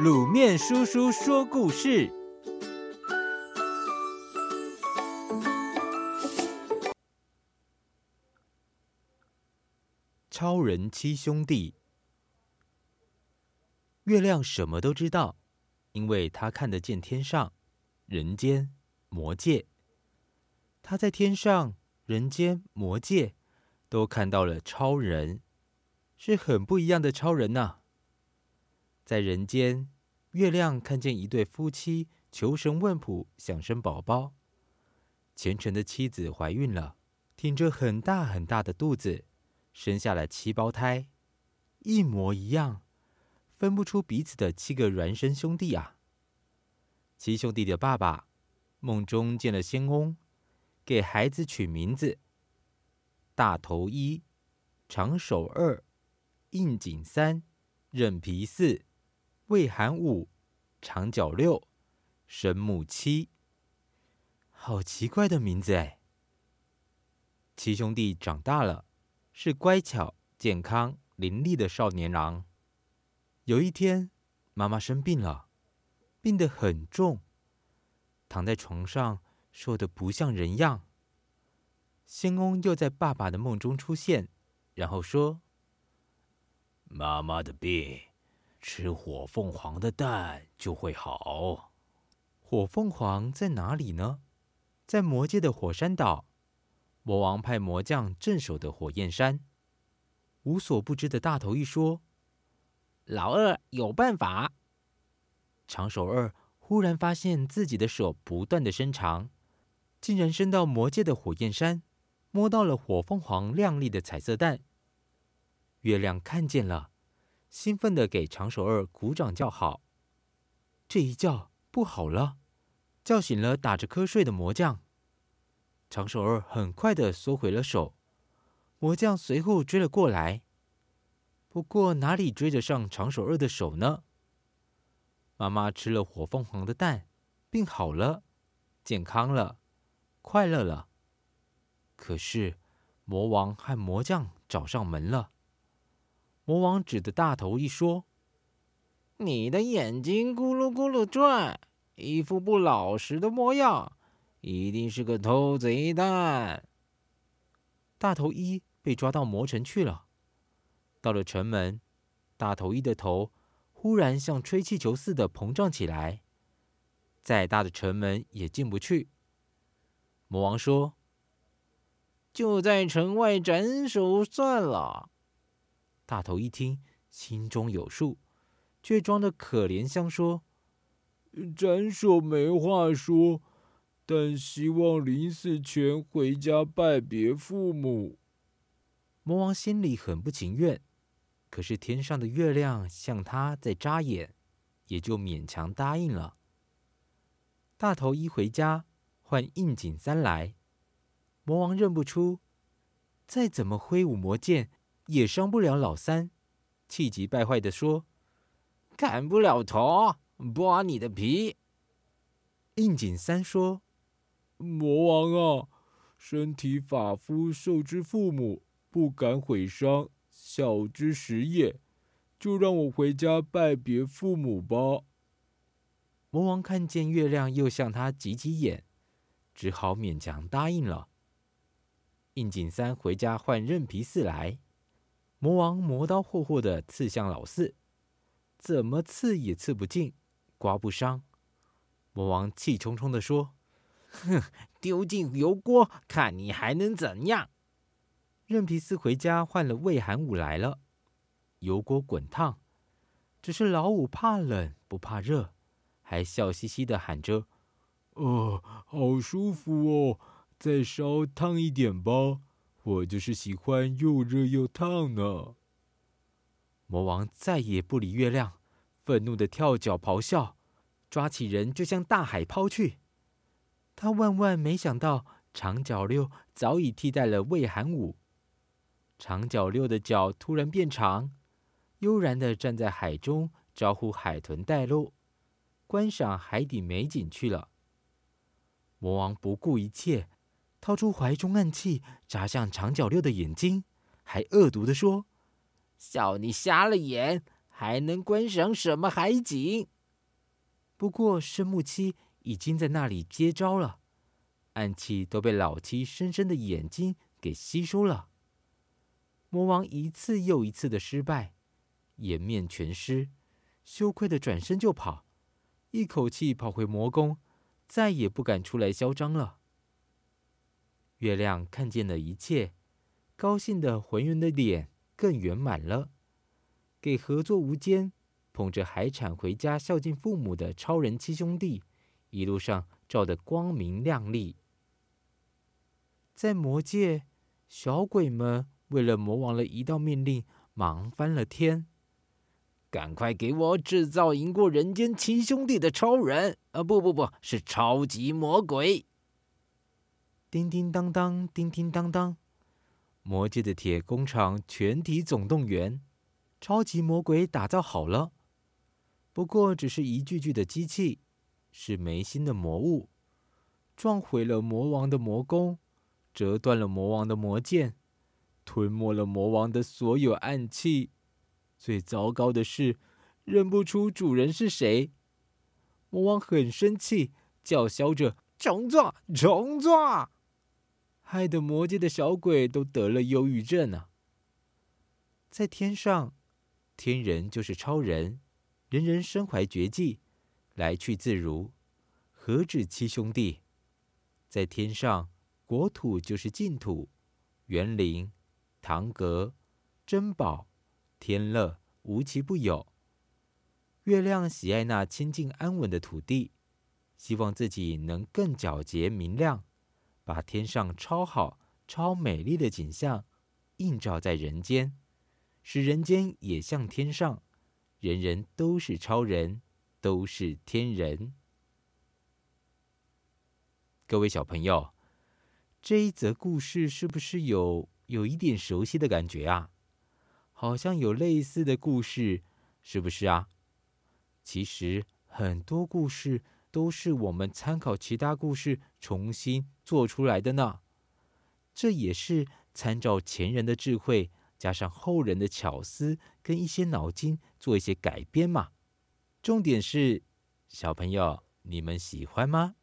滷麵叔叔說故事：超人七兄弟。月亮什麼都知道，因為他看得見天上、人間、魔界。他在天上、人間、魔界都看到了超人，是很不一樣的超人吶、啊。在人間，月亮看見一對夫妻求神問卜，想生寶寶。虔誠的妻子懷孕了，挺着很大很大的肚子，生下了七胞胎，一模一樣，分不出彼此的七個孿生兄弟啊！七兄弟的爸爸夢中見了仙翁，給孩子取名字：大頭一，長手二，硬頸三，韌皮四。魏寒五、長角六、神母七，好奇怪的名字哎！七兄弟長大了，是乖巧、健康、伶俐的少年郎。有一天，媽媽生病了，病得很重，躺在床上，瘦得不像人樣。仙翁又在爸爸的夢中出現，然後說：“媽媽的病。”吃火鳳凰的蛋就會好。火鳳凰在哪裡呢？在魔界的火山島，魔王派魔將鎮守的火焰山。無所不知的大頭一說，老二有辦法。長手二忽然發現自己的手不斷的伸長，竟然伸到魔界的火焰山，摸到了火鳳凰亮麗的彩色蛋。月亮看見了。興奮的給長手二鼓掌叫好，這一叫不好了，叫醒了打着瞌睡的魔將。長手二很快的縮回了手，魔將隨後追了過來，不過哪裡追得上長手二的手呢？媽媽吃了火鳳凰的蛋，病好了，健康了，快樂了，可是魔王和魔將找上門了。魔王指着大頭一說：“你的眼睛咕嚕咕嚕轉，一副不老實的模樣，一定是個偷賊蛋。”大頭一被抓到魔城去了。到了城門，大頭一的頭忽然像吹氣球似的膨脹起來，再大的城門也進不去。魔王說：“就在城外斬首算了。”大頭一聽，心中有數，卻裝得可憐相說：“斬首沒話說，但希望臨死前回家拜別父母。”魔王心裡很不情願，可是天上的月亮像他在眨眼，也就勉強答應了。大頭一回家，換應景三來，魔王認不出，再怎麼揮舞魔劍。也傷不了老三，氣急敗壞地說：“砍不了頭，剝你的皮。”硬頸三說：“魔王啊，身體髮膚受之父母，不敢毀傷，孝之始也。就讓我回家拜別父母吧。”魔王看見月亮，又向他擠擠眼，只好勉強答應了。硬頸三回家換韌皮四來。魔王磨刀霍霍的刺向老四，怎麼刺也刺不進，刮不傷。魔王氣沖沖的說：“哼，丟進油鍋，看你還能怎樣！”任皮斯回家換了畏寒五來了，油鍋滾燙，只是老五怕冷不怕熱，還笑嘻嘻的喊着：“哦、呃，好舒服哦，再燒燙一點吧。”我就是喜歡又熱又燙呢！魔王再也不理月亮，憤怒的跳腳咆哮，抓起人就向大海拋去。他萬萬沒想到，長腳六早已替代了畏寒五，長腳六的腳突然變長，悠然的站在海中，招呼海豚帶路，觀賞海底美景去了。魔王不顧一切。掏出懷中暗器，扎向長腳六的眼睛，還惡毒地說：“笑你瞎了眼，還能觀賞什麼海景？”不過，深目七已經在那裡接招了，暗器都被老七深深的眼睛給吸收了。魔王一次又一次的失敗，顏面全失，羞愧的轉身就跑，一口氣跑回魔宮，再也不敢出來囂張了。月亮看見了一切，高興的，渾圓的臉更圓滿了，給合作無間、捧着海產回家孝敬父母的超人七兄弟，一路上照得光明亮麗。在魔界，小鬼們為了魔王的一道命令，忙翻了天，趕快給我製造贏過人間七兄弟的超人啊！不不不，是超級魔鬼。叮叮噹噹，叮叮噹噹，魔界的鐵工廠全體總動員，超級魔鬼打造好了。不過只是一具具的機器，是沒心的魔物，撞毀了魔王的魔弓，折斷了魔王的魔劍，吞沒了魔王的所有暗器。最糟糕的是，認不出主人是誰。魔王很生氣，叫囂着重做，重做。害得魔界的小鬼都得了憂鬱症啊！在天上，天人就是超人，人人身懷絕技，來去自如。何止七兄弟？在天上，國土就是淨土，園林、堂閣、珍寶、天樂無奇不有。月亮喜愛那清淨安穩的土地，希望自己能更皎潔明亮。把天上超好、超美麗的景象映照在人間，使人間也像天上，人人都是超人，都是天人。各位小朋友，這一則故事是不是有有一點熟悉的感覺啊？好像有類似的故事，是不是啊？其實很多故事都是我們參考其他故事重新。做出來的呢，這也是參照前人的智慧，加上後人的巧思，跟一些腦筋做一些改編嘛。重點是，小朋友，你們喜歡嗎？